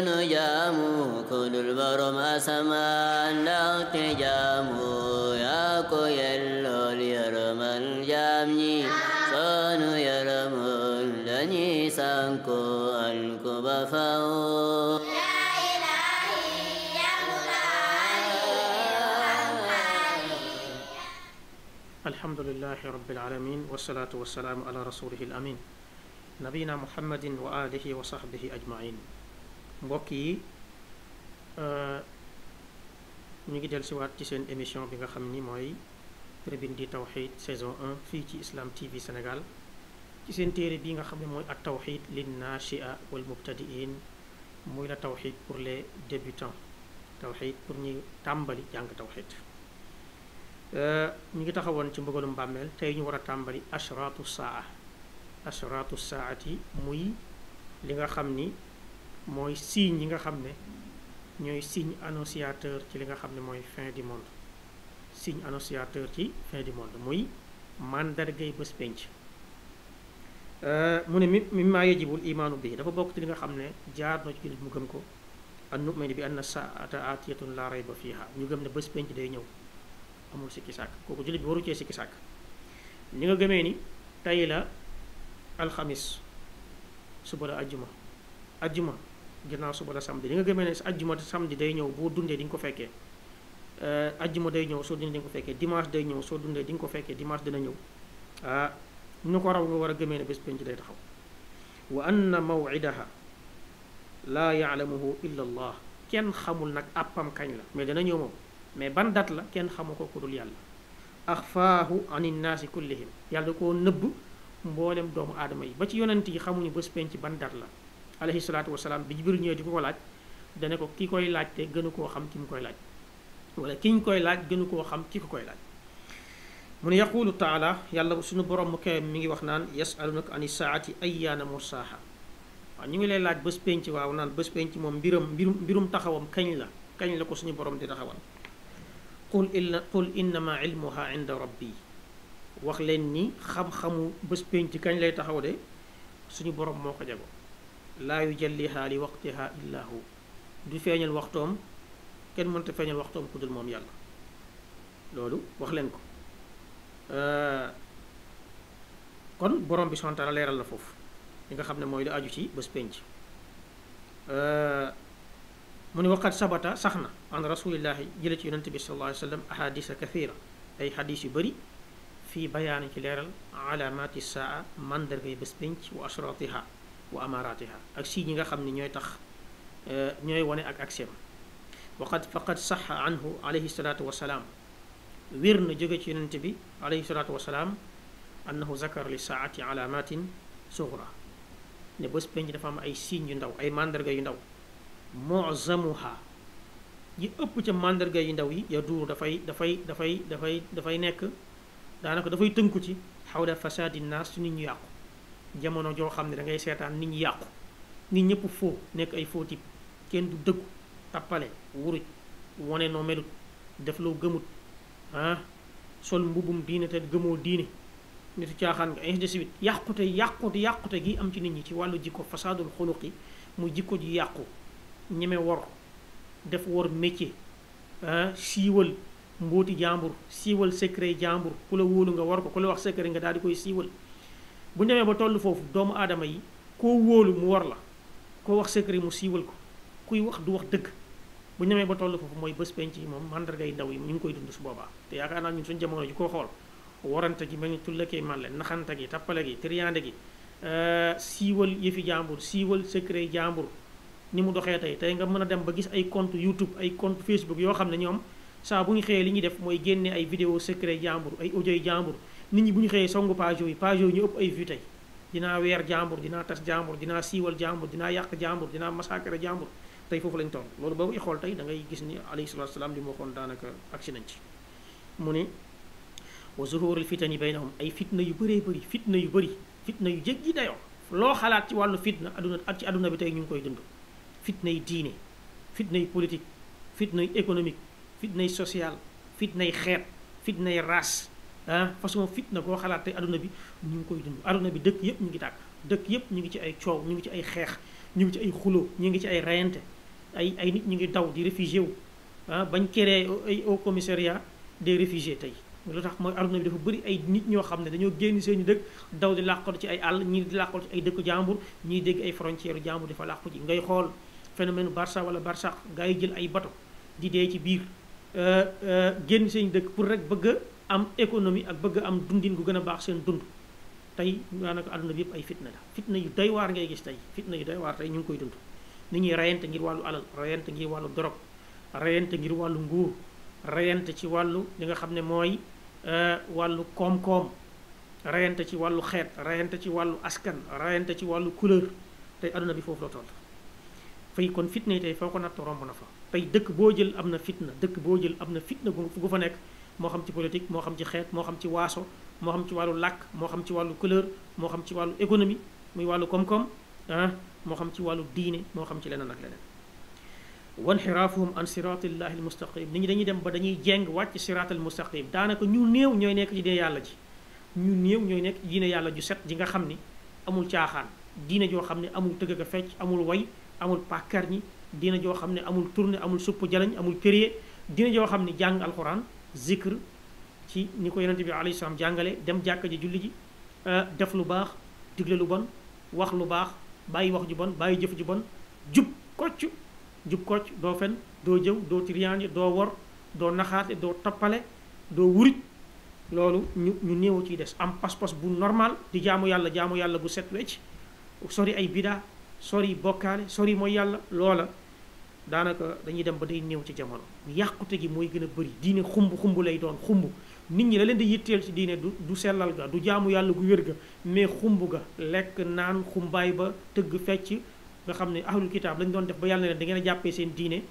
نجامو كل البرم أسمان نغت جامو ياكو يلو ليرم الجامي صانو يرم لني سانكو أنكو بفاو الحمد لله رب العالمين والصلاة والسلام على رسوله الأمين نبينا محمد وآله وصحبه أجمعين mbokk yi ñu ngi dellusiwaat ci seen émission bi nga xam ni mooy tribune di tawxid saison 1 fii ci Islam TV Sénégal ci seen téere bi nga xam ne mooy ak tawxid lin nachia wal mubtadiin muy la tawxid pour les débutants tawxid pour ñuy tàmbali jàng tawxid ñu ngi taxawoon ci mbëgalum bàmmeel tey ñu war a tàmbali ashraatu saa ashraatu saati muy li nga xam ni mooy signe yi nga xam ne ñooy signe annonciateur ci li nga xam ne mooy fin du monde signe annonciateur ci fin du monde muy mandargay bés penc euh, mu ne mi mi maa yajibul imaanu bi dafa bokk ci li nga xam ne jaar na ci julit mu gëm ko an nu'minu bi anna saata atiyatun la rayba fiha ñu gëm ne bés penc day ñëw amul sikki sàkk kooku julit bi waru cee sikki sàkk ni nga gëmee ni tey la alxamis suba la ajjuma ajjuma ginnaaw suba la samedi li nga gëmee ne ajjuma samedi day ñëw boo dundee di nga ko fekkee ajjuma day ñëw soo dundee di nga ko fekkee dimanche day ñëw soo dundee di nga ko fekkee dimanche dina ñëw ah nu ko raw nga war a gëmee ne bés penc day taxaw wa anna mawidaha la yalamuhu illa allah kenn xamul nag àppam kañ la mais dana ñëw moom mais ban date la kenn xamu ko ku dul yàlla akhfaahu an innaasi kullihim yàlla da koo nëbb mboolem doomu aadama yi ba ci yonent yi xamuñu bés penc ban date la alayhi salaatu wasalaam bi Jibril ñëwee di ko ko laaj dane ko ki koy laaj te gënu koo xam ki mu koy laaj wala ki ñu koy laaj gënu koo xam ki ko koy laaj mu ne yaqulu taala yàlla suñu borom mu kay mi ngi wax naan yasalunaka ani saati ayyaana mursaaha waaw ñu ngi lay laaj bés penc waaw naan bés penc moom mbiram mbirum mbirum taxawam kañ la kañ la ko suñu borom di taxawal qul illa qul innama ilmuha inda rabbi wax leen ni xam-xamu bés penc kañ lay taxaw de suñu borom moo ko jago لا يجليها لوقتها إلا هو دو فين الوقتهم كن من تفين الوقتهم كدل موم يلا لولو وخلنكو أه... كن بروم بي سانتا لير الله فوف ديغا خامن موي لا اجو سي بس بنج أه... من وقت سبتا سخنا عن رسول الله جلت يونت بي صلى الله عليه وسلم احاديث كثيره اي حديث بري في بيان كليرال علامات الساعه مندر بي بس بنج واشراطها وأماراتها أكسي نيغا خمني نيوي تخ نيوي واني أك أكسيم وقد فقد صح عنه عليه الصلاة والسلام ويرن جوغي تنتبي عليه الصلاة والسلام أنه ذكر لساعة علامات صغرى نبوس بين جنفام أي سين يندو أي ماندرغ يندو معظمها yi ëpp ci mandarga yi ndaw yi ya duur dafay dafay dafay dafay dafay nekk daanaka dafay tënku ci xawla fasadi nnaas ci nit ñu yàqu jamono joo xam ne da ngay seetaan nit ñi yàqu nit ñëpp foo nekk ay faux type kenn du dëggu tappale wuruj wane noo melut def loo gëmut ah sol mbubum diine te gëmoo diine nitu caaxaan nga ainsi de suite yàqute yàqute yàqute gi am ci nit ñi ci wàllu jikko fasaadul xuluq yi muy jikko ji yàqu ñeme wor def wor métier ah siiwal mbóoti jàmbur siiwal secret jàmbur ku la wóolu nga war ko ku la wax secret nga daal di koy siiwal bu ñu ba toll foofu doomu aadama yi koo wóolu mu war la koo wax secret mu siiwal ko kuy wax du wax dëgg bu ñu ba toll foofu mooy bés penc yi moom mandargay ndaw yi ñu ngi koy dund su boobaa te yaakaar naa ñun suñu jamono ji koo xool warante gi mel ni tullakee man la naxante gi tappale gi triande gi euh, siiwal yëfi jàmbur siiwal secret jàmbur ni mu doxee tey tey nga mën dem ba gis ay compte youtube ay compte facebook yoo xam ne ñoom saa bu ñu xëyee li ñuy def mooy génnee ay vidéo secret jàmbur ay audio jàmbur nit ñi bu ñu xëyee songu page yi page yooyu ñu ëpp ay vues dinaa weer jàmbur dinaa tas jàmbur dinaa siiwal jàmbur dinaa yàq jàmbur dinaa massacre jàmbur tey foofu lañu toll loolu boo koy xool tey dangay gis ni alayhi salatu wasalaam li mu waxoon daanaka agsi nañ ci mu ne wa zuhuril fitani baynahum ay fitna yu bëree bëri fitna yu bëri fitna yu jéggi dayoo loo xalaat ci wàllu fitna aduna ak ci aduna bi tey ñu ngi koy dund fitna yi diine fitna yi politique fitna yi économique fitna yi social fitna yi xeet fitna yi race ah façon fitna koo xalaat tey aduna bi ñu ngi koy dund aduna bi dëkk yëpp ñu ngi tàkk dëkk yëpp ñu ngi ci ay coow ñu ngi ci ay xeex ñu ngi ci ay xulo ñu ngi ci ay rayante ay ay nit ñu ngi daw di réfugié wu ah bañ créé ay au commissariat de réfugiés tey lu tax mooy aduna bi dafa bëri ay nit ñoo xam ne dañoo génn seeni dëkk daw di làqatu ci ay àll ñii di làqatu ci ay dëkku jàmbur ñii dégg ay frontière jàmbur dafa làqu ji ngay xool phénomène Barça wala Barsax gars yi jël ay bato di dee ci biir ah, ah, génn seeni dëkk pour rek bëgg am économie ak bëgg am dundin gu gën a baax seen dund tey daanaka àdduna bi yëpp ay fitna la fitna yu doy waar ngay gis tey fitna yu doy waar tey ñu ngi koy dund nit ñuy reyante ngir wàllu alal rayante ngir wàllu dorog rayante ngir wàllu nguur rayante ci wàllu li nga xam ne mooy euh, wàllu koom-koom rayante ci wàllu xeet rayante ci wàllu askan rayante ci wàllu couleur tey àdduna bi foofu la toll fay kon fitna yi tey foo ko natt romb na fa tey dëkk boo jël am na fitna dëkk boo jël am na fitna gu fa nekk moo xam ci politique moo xam ci xeet moo xam ci waaso moo xam ci wàllu làkk moo xam ci wàllu couleur moo xam ci wàllu économie muy wàllu koom-koom ah moo xam ci wàllu diine moo xam ci leneen ak leneen wanxiraafuhum an siratillahi almustaqim nit ñi dañuy dem ba dañuy jeng wàcc sirat almustaqim daanaka ñu néew ñooy nekk ci diine yàlla ji ñu néew ñooy nekk ci diine yàlla ju set ji nga xam ni amul caaxaan diine joo xam ne amul tëgg ga fecc amul way amul pàkkar ñi diine joo xam ne amul tourné amul supp jalañ amul périer diine joo xam ne jàng alquran zikr ci ni ko yonente bi alayhi salaam jàngale dem jàkka ji julli ji euh, def lu baax digle lu bon wax lu baax bàyyi wax ju bon bàyyi jëf ju bon jub kocc jub kocc doo fen doo jëw doo tiriyaange doo wor doo naxaate doo toppale doo wurit loolu ñu ñu néew ciy des am pas-pas bu normal di jaamu yàlla jaamu yàlla bu set wecc sori ay bida sori bokkaale sori mooy yàlla loola daanaka dañuy dem ba day néew ci jamono yàqute gi mooy gën a bëri diine xumb xumb lay doon xumb nit ñi la leen di yitteel ci diine du du sellal ga du jaamu yàlla gu wér ga mais xumb ga lekk naan xumbaay ba tëgg fecc nga xam ne ahlul kitaab lañ doon def ba yàlla ne leen da ngeen jàppee seen diine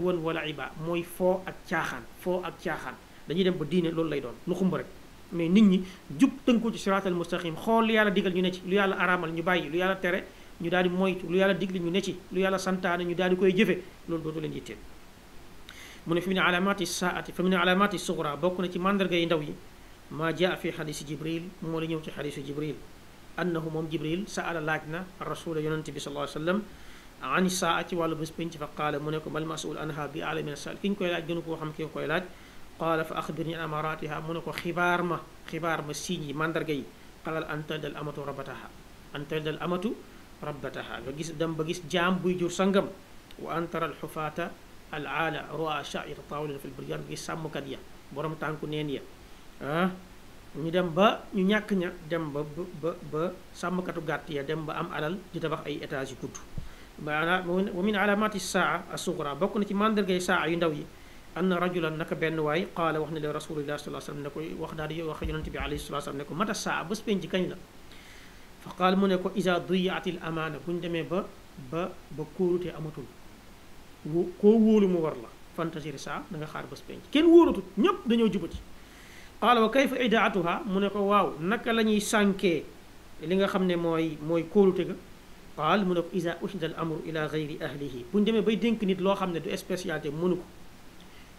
wan wala iba mooy foo ak caaxaan foo ak caaxaan dañuy dem ba diine loolu lay doon lu xumb rek mais nit ñi jub tënku ci siraatal mustaqim xool lu yàlla digal ñu ne ci yàlla araamal ñu bàyyi lu yàlla tere ñu daal di moytu lu yàlla digle ñu ne ci lu yàlla santaane ñu daal di koy jëfe loolu dootu leen yitteel mu ne fi mu ne alaamaati saati fi mu ne alaamaati suxra bokk na ci mandarga yi ndaw yi maa jaa fi xadiisi jibril moo la ñëw ci xadiisu jibril annahu moom jibril saala laaj na rasula yonente bi sallallahu alayhi wa sallam an saa ci wàllu bés penc fa qaala mu ne ko mal masul anha bi aala min asal ki ñu koy laaj gënu koo xam ki koy laaj qaala fa axbirni amaratiha mu ne ko xibaar ma xibaar ma signes yi mandarga yi qalal an taydal amatu rabataha an taydal amatu ربتها بجس دم بجس جام بيجور سنجم وأن ترى الحفاة العالى رواء شعير طاولة في البريان بجس سامو كديا برم تانكو آه ندم با نياك نيا دم ب ب ب ب سامو كتو غاتيا دم با أم علل جتبق أي إتاجي كتو بأنا ومن علامات الساعة الصغرى بكون كمان درجة ساعة يندوي أن رجلا نك بن واي قال وحنا لرسول الله صلى الله عليه وسلم نكو وخداري وخجلنتي عليه الصلاة والسلام نكو متى الساعة بس بين جكاني faqaal mu ne ko isa diyaat il amaana bu ñu demee ba ba ba kóolute amatul wó koo wóolu mu war la fantasir saa da nga xaar bés penc kenn wóolatut ñépp dañoo jubati qaala wa kayfa idaatuha mu ne ko waaw naka la ñuy sànkee li nga xam ne mooy mooy kóolute ga qaal mu ne ko isa usnida al amru ila gayri ahlihi bu ñu demee bay dénk nit loo xam ne du spécialité mënu ko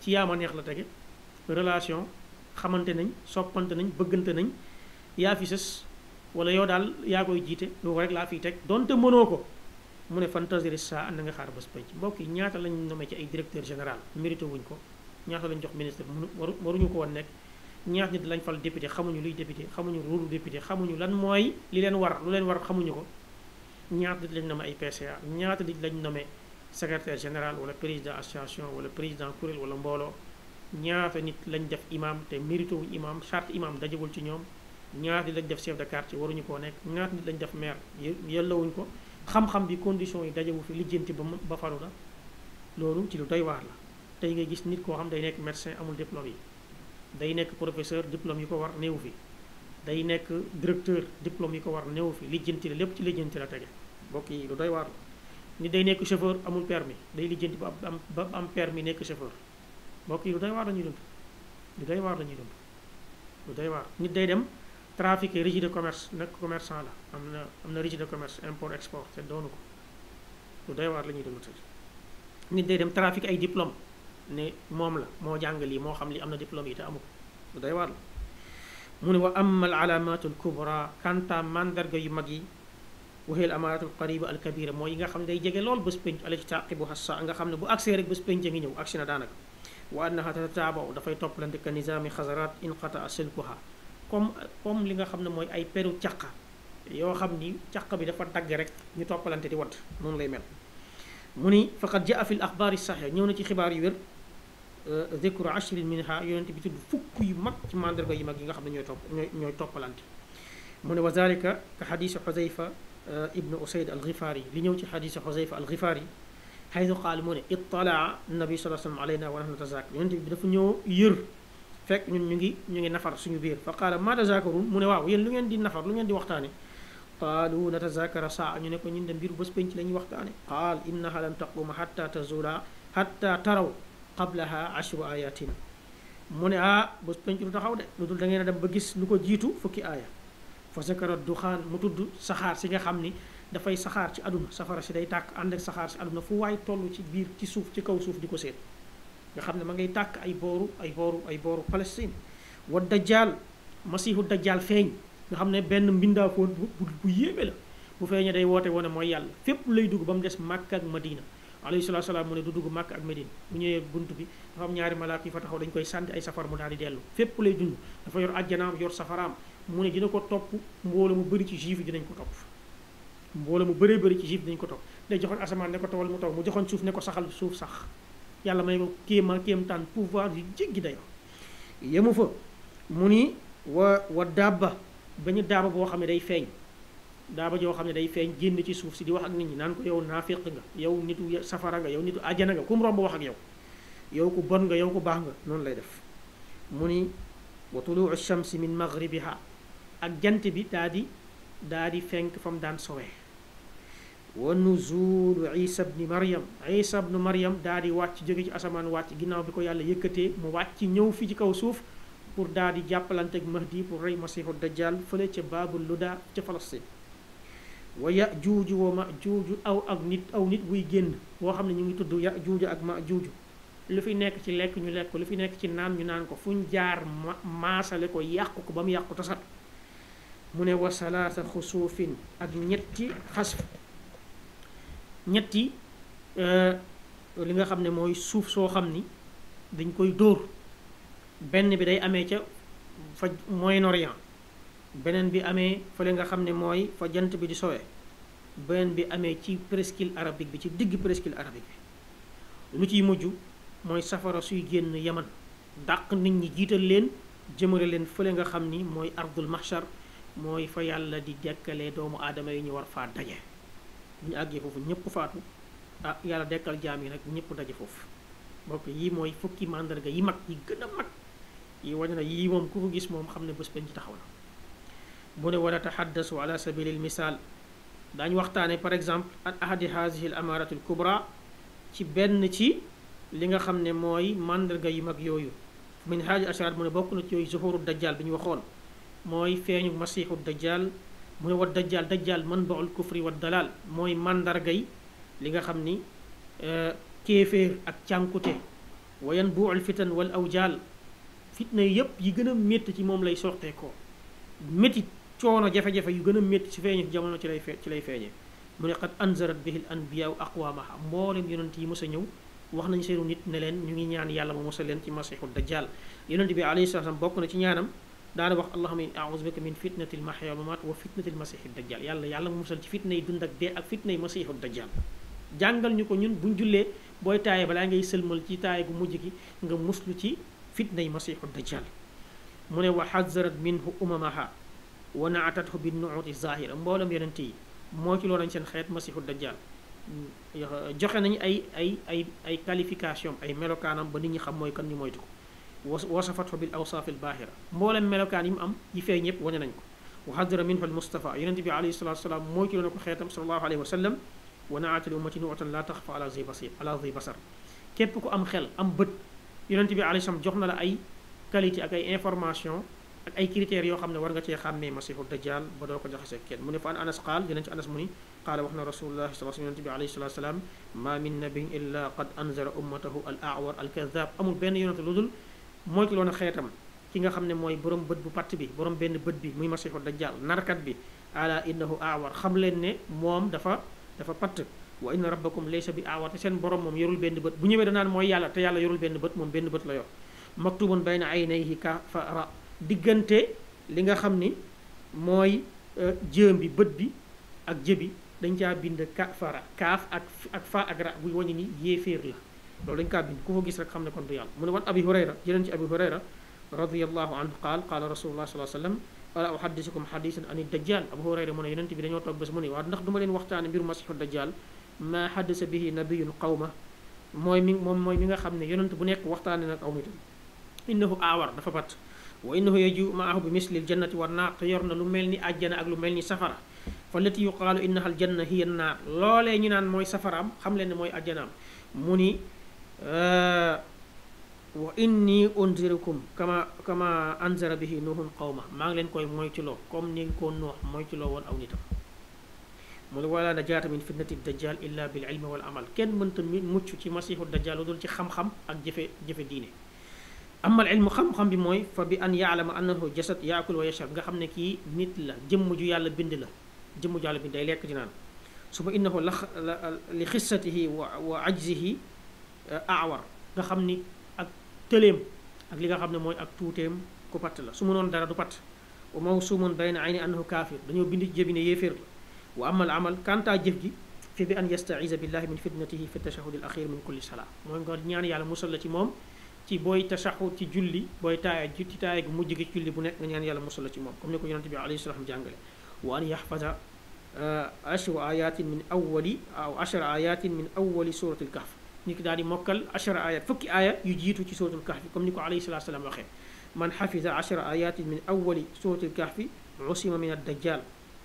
ci yaama neex la tege relation xamante nañ soppante nañ bëggante nañ yaa fi sës wala yow daal yaa koy jiite loolu rek laa fi teg donte mënoo ko mu ne fantasiri saa na nga xaar bés penc mbokk yi ñaata lañ nommé ci ay directeur général mérité wuñ ko ñaata lañ jox ministre mënu waruñu ko woon nekk ñaata nit lañ fal député xamuñu luy député xamuñu rôle député xamuñu lan mooy li leen war lu leen war xamuñu ko ñaata nit lañ nommé ay PCA ñaata nit lañ nommé secrétaire général wala président association wala président kuréel wala mbooloo ñaata nit lañ def imam te mérité wuñ imam charte imam dajagul ci ñoom ñaata nit lañ def chef de quartier waruñu koo nekk ñaata nit lañu def maire yellawuñ ko xam-xam bi condition yi dajewu fi lijjanti ba ba faru la loolu ci lu doy waar la tey ngay gis nit koo xam day nekk médecin amul diplôme yi day nekk professeur diplôme yi ko war néew fii day nekk directeur diplôme yi ko war néew fi lijjanti la lépp ci lijjanti la tege mbokk yi lu doy waar la nit day nekk chauffeur amul permis day lijjanti ba am ba am permis nekk chauffeur mbokk yi lu doy waar la ñuy dund la ñuy dund lu doy waar day dem trafiqué registre de commerce nekk commerçant la am na am de commerce import export c'est doonu ko lu doy war la ñuy dund nit day dem trafic ay diplôme ne mom la mo jàng li mo xam li amna diplôme yi te amuko ko day war waar wa amma al alaamatu al kubra kanta mandar mandarga yu wa hil amarat al qariba al kabira mooy yi nga xam day jégué lol bu bés penc alati taqibu hassa nga xam ne bu agsee rek bu penc a ngi ñëw agsi na daanaka wa annaha tatabu tatataabau dafay toppalante ka khazarat in inqata silkuha comme comme li nga xamne moy ay peru tiaka yo xamni tiaka bi dafa tag rek ñu topalante di wat non lay mel muni faqad jaa fi al akhbar as sahih ñew na ci xibaar yu wër ذكر عشر منها يونت بي تود فك يي ماك سي ماندرغا يي ماك ييغا خا نيو توب نيو توبلانت من وذلك كحديث حذيفه ابن اسيد الغفاري لي نيو سي حديث حذيفه الغفاري حيث قال من اطلع النبي صلى الله عليه وسلم علينا ونحن نتزاك يونت بي دا فنيو يير fekk ñun ñu ngi ñu ngi nafar suñu biir fa qaala maa mu ne waaw yéen lu ngeen di nafar lu ngeen di waxtaane qaalu natazakara saa ñu ne ko ñun de mbiru bës penc la ñuy waxtaane qaal innaha lan taquma xatta tazula xatta taraw qablaha ashru ayatin mu ne ah bés penc du taxaw de lu dul da ngeen a dem ba gis lu ko jiitu fukki aaya fa zakara duxaan mu tudd saxaar si nga xam ni dafay saxaar ci aduna safara si day tàkk ànd ak saxaar si aduna fu waay toll ci biir ci suuf ci kaw suuf di ko seet nga xam ne ma ngay tàkk ay booru ay booru ay booru Palestine wa dajjal masihu dajjal feeñ nga xam ne benn mbindaakoon bu bu yéeme la bu feeñee day woote wone mooy yàlla fépp lay dugg ba mu des Màkka ak Madina alayhi salaatu salaam mu ne du dugg Màkka ak Madina mu ñëwee bunt bi dafa am ñaari malaaka yi fa taxaw dañu koy sànni ay safar mu daal di dellu fépp lay dund dafa yor àjjanaam yor safaraam mu ne dina ko topp mbooloo mu bëri ci juif yi dinañ ko topp mbooloo mu bëree bëri ci juif ko topp day joxoon asamaan ne ko tawal mu taw mu joxoon suuf ne ko saxal suuf sax yàlla may ko kéema kéemtaan pouvoir yu jéggi dayo yemu fa mu ni wa wa ba bañu daaba boo xam ne day feeñ daaba joo xam ne day feeñ génn ci suuf si di wax ak nit ñi naan ko yow naafiq nga yow nitu safara nga yow nitu àjjana nga ku mu romb wax ak yow yow ku bon nga yow ku baax nga noonu lay def mu ni wa tuluu shamsi min maghribiha ak jant bi daa di daa di fenk fa mu daan sowee wa nuzulu isa bni mariam isa bnu mariam daa di wàcc jóge ci asamaan wàcc ginnaaw bi ko yàlla yëkkatee mu wàcc ñëw fi ci kaw suuf pour daa di jàppalante ak mahdi pour rey masihu dajjal fële ca baabul luda ca falastin wa ya juuju wa ma juuju aw ak nit aw nit buy génn boo xam ne ñu ngi tudd ya juuju ak ma juuju lu fi nekk ci lekk ñu lekk lu fi nekk ci naan ñu naan ko fu ñu jaar maasale ko yàqu ko ba mu yàqu tasat mu ne wa salaasa xusuufin ak ñetti xasf ñetti euh, li nga xam ne mooy suuf soo xam ni dañ koy dóor benn bi day amee ca faj Moyen-Orient beneen bi amee fële nga xam ne mooy fa jant bi di sowee beneen bi amee ci presqu'île arabique bi ci digg presqu'île arabique bi lu ciy mujj mooy safara suy génn yaman dàq nit ñi jiital leen jëmale leen fële nga xam ni mooy ardul mahshar mooy fa yàlla di dekkalee doomu aadama yi ñu war faa daje ñu àggee foofu ñëpp faatu ah yàlla dekkal jaam yi nag ñëpp daje foofu mbokk yi mooy fukki màndarga yi mag yi gën mag yi wane na yii moom ku ko gis moom xam ne bés bañ ci taxaw na mu ne wala taxaddasu ala sabilil misaal daañ waxtaane par exemple an ahadi haadihi l amaratu ci benn ci li nga xam ne mooy màndarga yi mag yooyu ne haaji asharaat mu ne bokk na ci yooyu zuhuru dajjal bi ñu waxoon mooy feeñu masiixu dajjal mu ne wa dajjal dajjal man baul kufri wa dalal moy mandar gay li nga xamni ni kéeféer ak cyankuté wayan buul fitan wal awjal fitna yépp yi gëna métti ci mom lay sorté ko métti coono jafe-jafe yu gëna métti ci feñu jamono ci lay fé ci lay feñé mu ne qad anzarat bihi l anbiyaau aqwaamaha mboolem yonent yi mos a ñëw wax nañ seenu nit ne len ñu ngi ñaan yàlla mu mos len ci masihud dajjal yonenti bi alayhi salaam bokku na ci ñaanam daana wax allahumma a'udhu bika min fitnati al-mahya wal mamat wa fitnati al-masih ad-dajjal yàlla yàlla mu musal ci fitnay dund ak de ak fitnay masih ad-dajjal jàngal ñuko ñun buñ julle boy tayé bala ngay sëlmal ci tayé gu mujjigi nga muslu ci fitnay masih ad-dajjal mune wa hazzarat minhu umamaha wa naatathu bin nu'ut az-zahir mbolam yonenti mo ci loolañ seen xet masih ad dajjal joxe nañ ay ay ay ay qualification ay melokanam ba nit ñi xam moy kan ñi moytu ko وصفته بالاوصاف الباهره مولا ملوكان يم ام يفاي نيب وني نانكو وحضر منه المصطفى ينتبي عليه الصلاه والسلام موي كي نكو صلى الله عليه وسلم ونعت الامه نعتا لا تخفى على ذي بصير على ذي بصر كيب كو ام خيل ام بت ينتبي عليه الصلاه والسلام جوخنا لا كاليتي اك اي اي كريتير يو خامني ورغا تي خامي مسيح الدجال با دوكو جاخسي كين موني فان انس قال ينتبي انس موني قال وحنا رسول الله صلى الله عليه وسلم عليه الصلاه والسلام ما من نبي الا قد انذر امته الاعور الكذاب امو بين ينتبي لودل mooy moytu loon xeetam ki nga xam ne mooy borom bët bu patt bi boroom benn bët bi muy masiixu dajjal narkat bi ala innahu aawar xam leen ne moom dafa dafa patt wa inna rabbakum laysa bi aawar te seen borom moom yorul benn bët bu ñëwee danaan mooy yàlla te yàlla yorul benn bët moom benn bët la yor maktubun bayna aynayhi ka fara diggante li nga xam ni mooy euh, jëm bi bët bi ak jëbi dañ caa bind ka fara kaaf ak ak fa ak ra buy wañu ni لو لين كابين كوفو جيس رك خم نكون ريال من وان أبي هريرة جلنت أبي هريرة رضي الله عنه قال قال رسول الله صلى الله عليه وسلم ولا أحدثكم حديثا عن الدجال أبو هريرة من جلنت بدنيا طب بس مني وارد نخدم لين وقت عن بير مسح الدجال ما حدث به نبي القومة موي مين موي مين خم نجلنت بنيك وقت عن القومة إنه أور دفبت وإنه يجو معه بمثل الجنة ورنا قيرنا لملني أجنا أغلو ملني سفرة فالتي يقال إنها الجنة هي النار لولا ينان موي سفرام خم لين موي أجنام مني wa inni unzirukum kama kama anzara bihi nuhun qawma maa ngi leen koy moytuloo comme ni ko nuux moytuloo woon aw nitam mu ne wala najaata min fitnati dajjal illa bil ilmi wal amal kenn mënta mucc ci masiixu dajjal lu dul ci xam-xam ak jëfe jëfe diine amal ilmu xam-xam bi mooy fa bi an yaalama annahu jasad yaakul wa yashab nga xam ne kii nit la jëmm ju yàlla bind la jëmm ju yàlla bind day lekk di naan su ma innahu la li xissatihi wa wa ajzihi aawar nga xam ni ak tëleem ak li nga xam ne mooy ak tuuteem ku patt la su mënoon dara du patt wa mawsumun bayna ayni annahu kaafir dañoo bind ci jëbi ne yéeféer la wa amal amal kanta jëf gi fi bi an yastaiza billahi min fitnatihi fi tashahud al axir min kulli salaa mooy nga ñaan yàlla musal la ci moom ci booy tashahud ci julli booy taaya ci taaya gu mujj gi julli bu nekk nga ñaan yàlla musal la ci moom comme ni ko yonente bi alayhi salaam jàngale wa an yaxfada ashru ayatin min awali aw ashra ayatin min awali surati al kahf ñu ki daal di mokkal achara aya fukki aya yu jiitu ci suratul kahfi comme ni ko alayhi salatu salaam waxee man xafisa achara ayatin min awali suratul kahfi usima min addajjal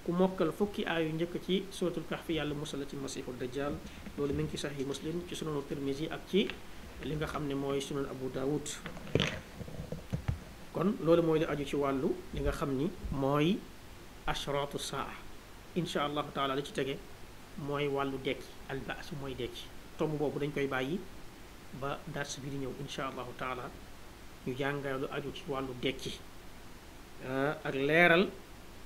ku mokkal fukki aaya yu njëkk ci suratul kahfi yàlla musal ci masihu dajjal loolu mi ngi ci sahih muslim ci sunanu tirmisi ak ci li nga xam ne mooy sunan abu daawud kon loolu mooy li aju ci wàllu li nga xam ni mooy ashratu saa incha allahu taala li ci tege mooy wàllu dekki albaasu mooy dekki tomb boobu dañ koy bàyyi ba dars bi di ñëw insha allahu taala ñu jàngal lu aju ci wàllu dekki ah, ak leeral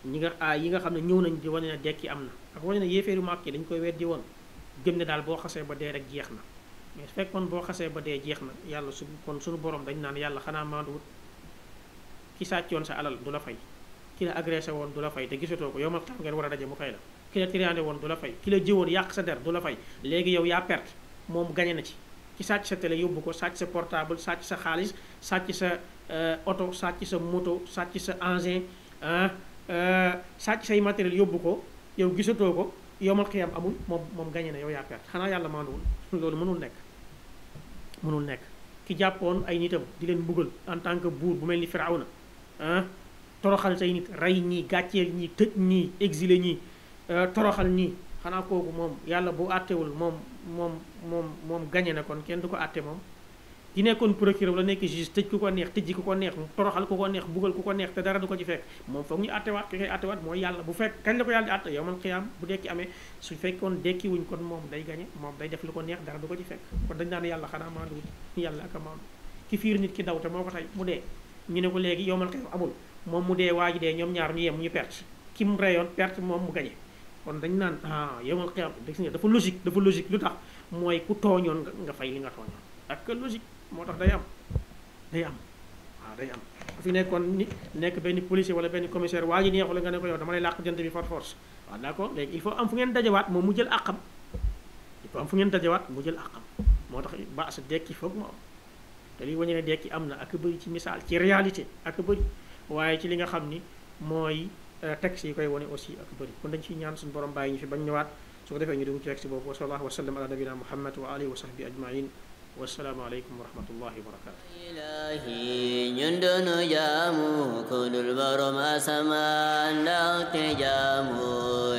ñi nga aay ah, yi nga xam ne ñëw nañ di wane ne dekki am na ak wane ne yéeféeru màkk yi dañ koy weddi woon gëm ne daal boo xasee ba dee rek jeex na mais su fekkoon boo xasee ba dee jeex na yàlla su kon suñu borom dañ naan yàlla xanaa maanduwut ki sàccoon sa alal du la fay ki la agressé woon du la fay te gisatoo ko yow ma tax ngeen war a daje mu fay la woon la fay ki la jëwoon yàq sa der du la fay léegi yow yaa moom gañe na ci ci sàcc sa télé yóbbu ko sàcc sa portable sàcc sa xaalis sàcc sa euh, oto sàcc sa moto sàcc sa engin ah sàcc say matériel yóbbu ko yow gisatoo ko yowmal xiyam amul moom moom gañe na yow yaa xanaa yàlla maanduwul loolu mënul nekk mënul nekk ki jàppoon ay nitam di leen mbugal en tant que buur bu mel ni firawna ah toroxal say nit rey ñii gàcceel nii tëj ñii exilé nii euh, toroxal ñii xanaa kooku moom yàlla bu àttewul moom moom moom moom gañe na kon kenn du ko àtte moom di nekkoon procureur la nekk juge tëj ku ko neex tëjji ku ko neex toroxal ku ko neex bugal ku ko neex te dara du ko ci fekk moom foog ñu àttewaat ki koy àttewaat mooy yàlla bu fekk kañ la bu dekki amee su fekkoon dekki wuñ kon moom day gañe moom day def lu ko neex dara du ko dañ naan yàlla xanaa maandu yàlla ak a maandu ki fiir nit ki daw te moo ko tey mu dee ñu ne ko léegi yow man amul moom mu dee waa ji dee ñoom ñaar ñu yem ñu perte ki mu reyoon perte moom mu gañe kon dañ nan ah yowal xiyam gis nga dafa logique dafa logique lutax moy ku toñon nga fay li nga toñ ak logique motax day am day am ah day am fi kon ni nek ben policier wala ben commissaire waji ni xol nga ne ko yow dama lay laq bi for force wa d' leg il faut am fu ngeen dajewaat mo mu jël akam il faut am fu ngeen dajewaat mu jël akam motax ba sa dekki foog mo te li wone ne dekki amna ak bëri ci misal ci réalité ak bëri waye ci li nga xamni moy taxi koy wone aussi ak bari kon dañ ci ñaan suñu borom bayyi ñu fi bañ ñëwaat su ko defé ñu dugg ci taxi bobu wa sallallahu wasallam ala nabina muhammad wa alihi wa sahbi ajmain wassalamu alaykum wa rahmatullahi wa barakatuh ilahi ñun dunu jaamu ku dul borom asama asamaan te jaamu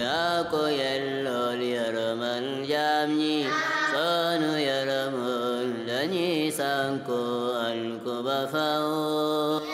ya ko yello li yaramal ñi sanu yaramul dañi sanko al kubafa